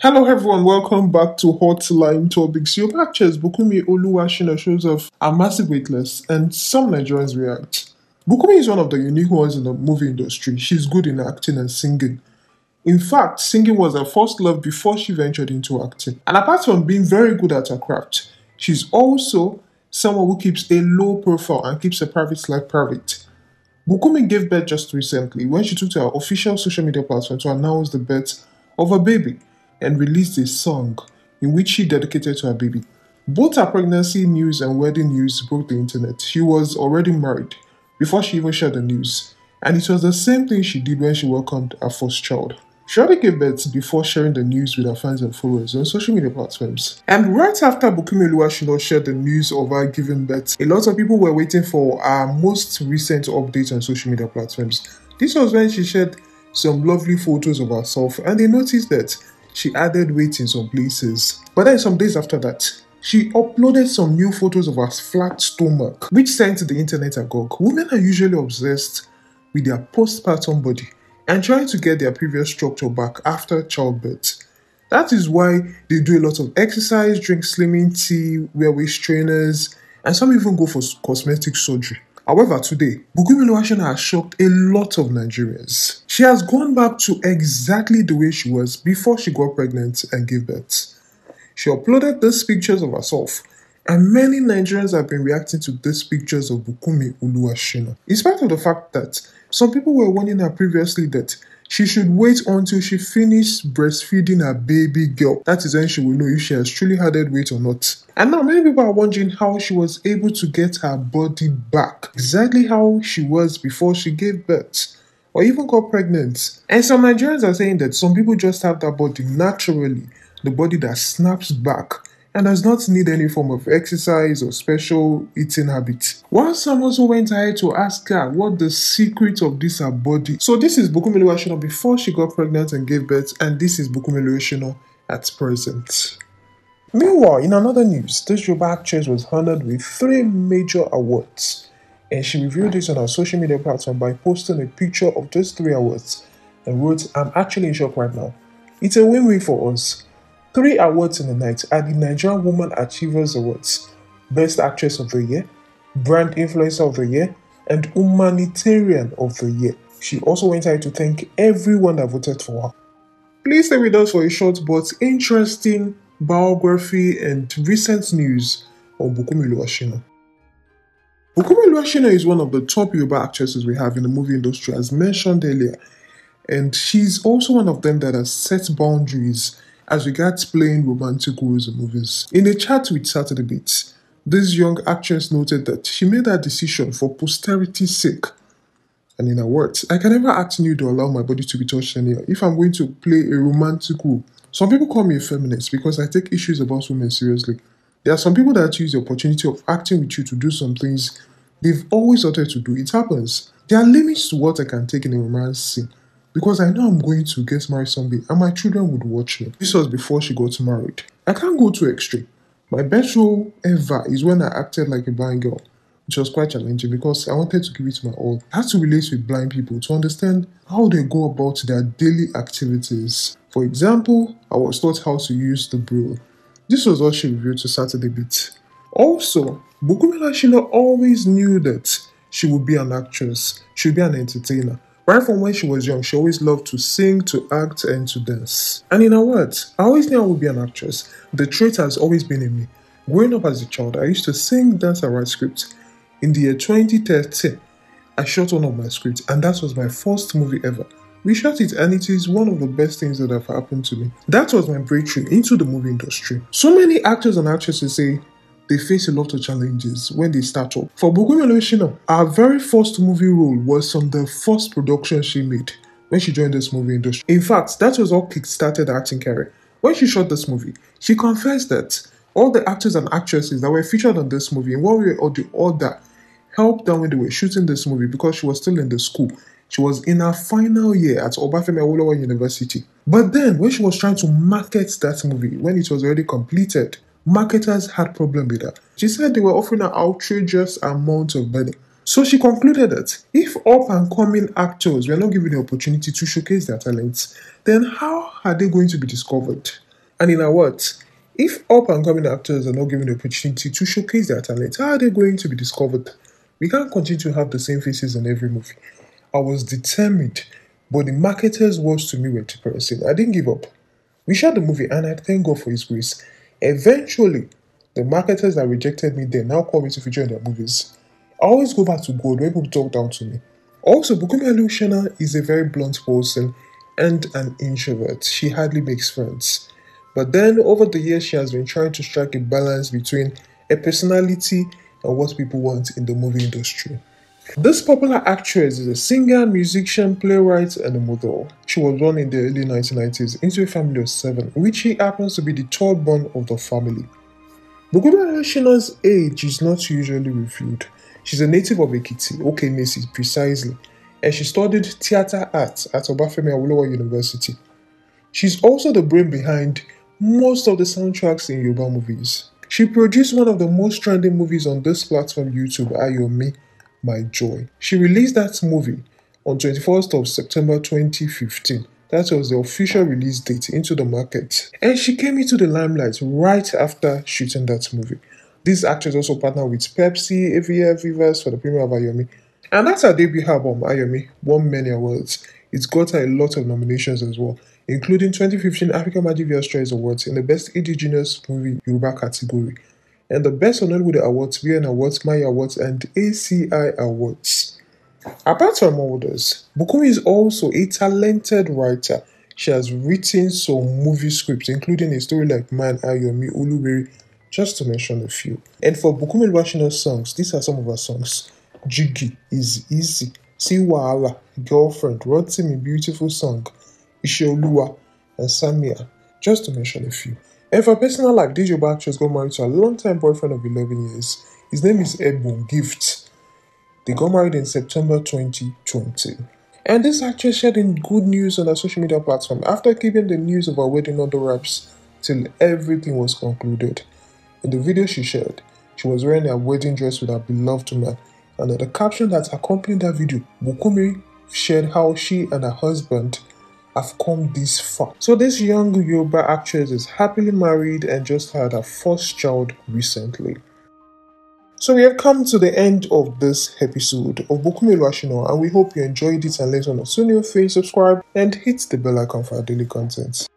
Hello everyone, welcome back to Hotline Topics. Your back chairs Bukumi Oluwashina shows off a massive weight loss, and some Nigerians react. Bukumi is one of the unique ones in the movie industry. She's good in acting and singing. In fact, singing was her first love before she ventured into acting. And apart from being very good at her craft, she's also someone who keeps a low profile and keeps her private life private. Bukumi gave birth just recently when she took to her official social media platform to announce the birth of her baby and released a song in which she dedicated to her baby. Both her pregnancy news and wedding news broke the internet. She was already married before she even shared the news, and it was the same thing she did when she welcomed her first child. She already gave birth before sharing the news with her fans and followers on social media platforms. And right after Bukumi Oluwashino shared the news of her giving birth, a lot of people were waiting for her most recent update on social media platforms. This was when she shared some lovely photos of herself, and they noticed that she added weight in some places. But then some days after that, she uploaded some new photos of her flat stomach, which sent the internet agog. Women are usually obsessed with their postpartum body and trying to get their previous structure back after childbirth. That is why they do a lot of exercise, drink slimming tea, wear waist trainers, and some even go for cosmetic surgery. However, today, Bukumi Luashin has shocked a lot of Nigerians. She has gone back to exactly the way she was before she got pregnant and gave birth. She uploaded these pictures of herself and many Nigerians have been reacting to these pictures of Bukumi Uluwashina. In spite of the fact that some people were warning her previously that she should wait until she finished breastfeeding her baby girl. That is when she will know if she has truly added weight or not. And now many people are wondering how she was able to get her body back, exactly how she was before she gave birth or even got pregnant. And some Nigerians are saying that some people just have that body naturally, the body that snaps back and does not need any form of exercise or special eating habit. While some also went ahead to ask her what the secret of this her body. So this is Bukumi Luashino before she got pregnant and gave birth, and this is Bukumi Luashino at present. Meanwhile, in another news, this Yoruba actress was honored with three major awards, and she revealed this on her social media platform by posting a picture of those three awards and wrote, "I'm actually in shock right now. It's a win-win for us." Three awards in the night are the Nigerian Woman Achievers Awards, Best Actress of the Year, Brand Influencer of the Year, and Humanitarian of the Year. She also went out to thank everyone that voted for her. Please stay with us for a short but interesting biography and recent news on Bukumi Luashina. Bukumi Luashina is one of the top Yoruba actresses we have in the movie industry, as mentioned earlier, and she's also one of them that has set boundaries as regards playing romantic roles in movies. In a chat with Saturday Beats, this young actress noted that she made that decision for posterity's sake. And in her words, I can never ask you to allow my body to be touched anywhere if I'm going to play a romantic role. Some people call me a feminist because I take issues about women seriously. There are some people that use the opportunity of acting with you to do some things they've always wanted to do. It happens. There are limits to what I can take in a romance scene because I know I'm going to get married someday and my children would watch me. This was before she got married. I can't go too extreme. My best role ever is when I acted like a blind girl, which was quite challenging because I wanted to give it my all. I had to relate with blind people to understand how they go about their daily activities. For example, I was taught how to use the braille. This was what she revealed to Saturday Beat. Also, Bukumila Shila always knew that she would be an actress, she would be an entertainer. Right from when she was young, she always loved to sing, to act, and to dance. And in know what? I always knew I would be an actress. The trait has always been in me. Growing up as a child, I used to sing, dance, and write scripts. In the year 2013, I shot one of my scripts, and that was my first movie ever. We shot it, and it is one of the best things that have happened to me. That was my breakthrough into the movie industry. So many actors and actresses say they face a lot of challenges when they start up. For Bugumi Oluwashina, her very first movie role was on the first production she made when she joined this movie industry. In fact, that was all kickstarted started acting career. When she shot this movie, she confessed that all the actors and actresses that were featured on this movie, in one way or the other, helped them when they were shooting this movie because she was still in the school. She was in her final year at Obafemi Awolowo University. But then, when she was trying to market that movie, when it was already completed, Marketers had problem with her. She said they were offering an outrageous amount of money. So she concluded that if up and coming actors were not given the opportunity to showcase their talents, then how are they going to be discovered? And in our words, if up and coming actors are not given the opportunity to showcase their talents, how are they going to be discovered? We can't continue to have the same faces in every movie. I was determined, but the marketers' words to me were depressing. I didn't give up. We shot the movie, and I thank God for His grace. Eventually, the marketers that rejected me they now call me to feature in their movies. I always go back to gold when people talk down to me. Also, Bukumi Alushana is a very blunt person and an introvert. She hardly makes friends. But then, over the years, she has been trying to strike a balance between a personality and what people want in the movie industry. This popular actress is a singer, musician, playwright, and a model. She was born in the early 1990s into a family of seven, which she happens to be the third born of the family. Bugudu Shina's age is not usually revealed. She's a native of Ekiti, okay, precisely, and she studied theatre arts at Obafemi Awolowo University. She's also the brain behind most of the soundtracks in Yoruba movies. She produced one of the most trending movies on this platform, YouTube, Ayomi, my Joy. She released that movie on 21st of September 2015. That was the official release date into the market. And she came into the limelight right after shooting that movie. This actress also partnered with Pepsi, AVF Rivers for the premiere of Ayomi. And that's her debut album, Ayomi, won many awards. It's got her a lot of nominations as well, including 2015 African Magic Choice Awards in the Best Indigenous Movie Yoruba category and the Best on Nollywood Awards, VN Awards, Maya Awards, and ACI Awards. Apart from all this, Bukumi is also a talented writer. She has written some movie scripts, including a story like Man, Ayomi, Uluweri, just to mention a few. And for Bukumi Washino's songs, these are some of her songs. Jiggy, Easy, Easy, Siwala, Girlfriend, Rotimi, Beautiful Song, Isheoluwa, and Samia, just to mention a few. In a personal life, Deji Obak just got married to a long-time boyfriend of 11 years. His name is Edmund Gift. They got married in September 2020. And this actress shared in good news on her social media platform after keeping the news of her wedding under wraps till everything was concluded. In the video she shared, she was wearing her wedding dress with her beloved man, and the caption that accompanied that video, Bukumi shared how she and her husband have come this far. So this young Yoruba actress is happily married and just had her first child recently. So we have come to the end of this episode of Bukumi Ashino and we hope you enjoyed it and let us know. soon if you subscribe and hit the bell icon for daily content.